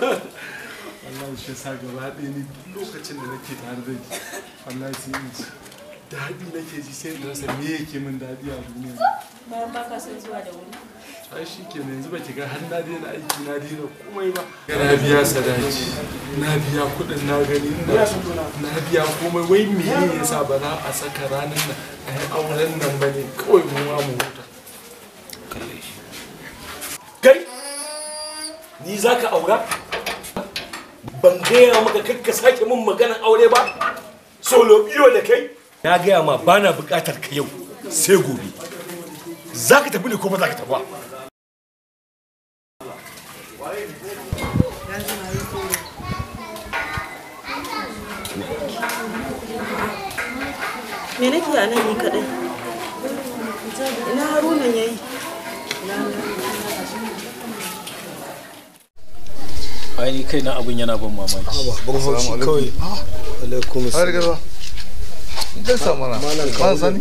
wallahi shi sa gaba ɗaya ni lokacin da nake tare da ki wallahi sai in ji daɗi nake ji sai in rasa yake min daɗi a duniya bayan ba zuwa da wuri ai shi ke yanzu ba ga har na daina aiki na daina komai ba na biya sadaki na gani na biya komai wai me yasa ba a saka ranar nan a yi auren nan ba ne kawai mu ma mu huta ni za ka aura ban gaya maka kakka sake mun maganar aure ba solo biyo da kai na gaya ma bana bukatar ka yau sai gobe za ka tafi ne ko ba za ka tafi me nake a nan ni kaɗai ina haruna yayi ai kai na abun yana ban mamaki ban haushi kawai ah, alaikum salam da samana malam sani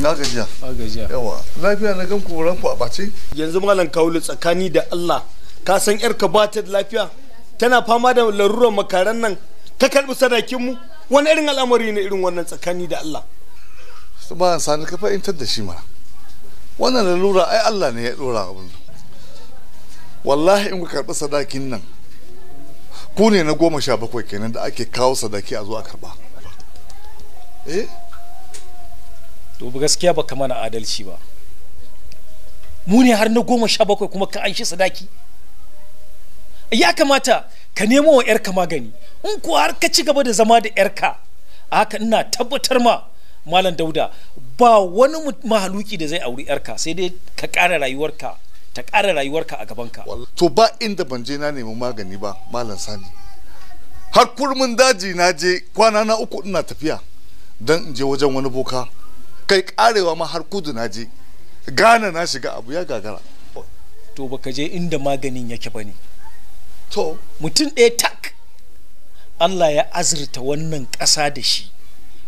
na gajiya na gajiya yawa lafiya na gan ku ranku a bace yanzu malam kawulu tsakani da Allah ka san yar ka ba ta lafiya tana fama da larurar makaran nan ka karbi sadakin mu wani irin al'amari ne irin wannan tsakani da Allah ba sani ka fahimtar da shi mana wannan lalura ai Allah ne ya dora abin wallahi in ku karbi sadakin nan ku ne na goma sha bakwai kenan da ake kawo sadaki a zo a karba eh to gaskiya baka mana adalci ba mu ne har na goma sha bakwai kuma ka an shi sadaki ya kamata ka nemo wa yarka magani in kuwa har ka ci gaba da zama da yarka haka ina tabbatar ma malam dauda ba wani mahaluki da zai auri yarka sai dai ka ƙara rayuwarka ta ƙara rayuwarka a gabanka to ba inda ban je na nemi magani ba malam sani har kurmin daji na je kwana na uku ina tafiya don in je wajen wani boka kai karewa ma har kudu na je gana na shiga abu ya gagara to baka je inda maganin yake bane to mutum ɗaya tak Allah ya azurta wannan ƙasa da shi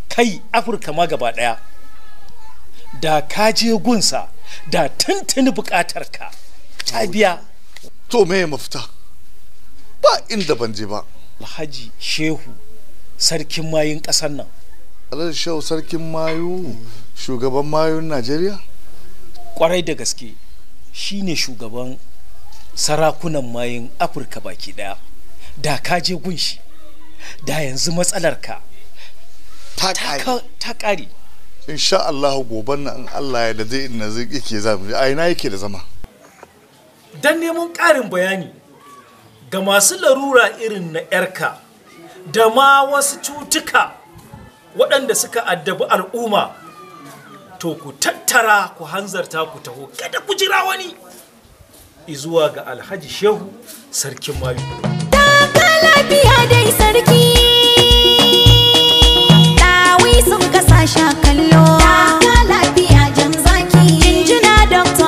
kai afirka ma gaba ɗaya da ka je gunsa da tuntuni bukatar ka ta biya to me mafita ba inda ban je ba alhaji shehu sarkin mayun ƙasar nan alhaji shehu sarkin mayu shugaban mayun najeriya kwarai da gaske shine shugaban sarakunan mayun afirka baki daya da ka je gunshi da yanzu matsalarka ta ƙare insha Allah goban nan Allah ya da zai ina zai yake zama a ina yake da zama dan neman ƙarin bayani ga masu larura irin na yarka da ma wasu cutuka waɗanda suka addabi al'umma to ku tattara ku hanzarta ku taho kada ku jira wani izuwa ga alhaji shehu sarkin mayu kala lafiya dai sarki doctor.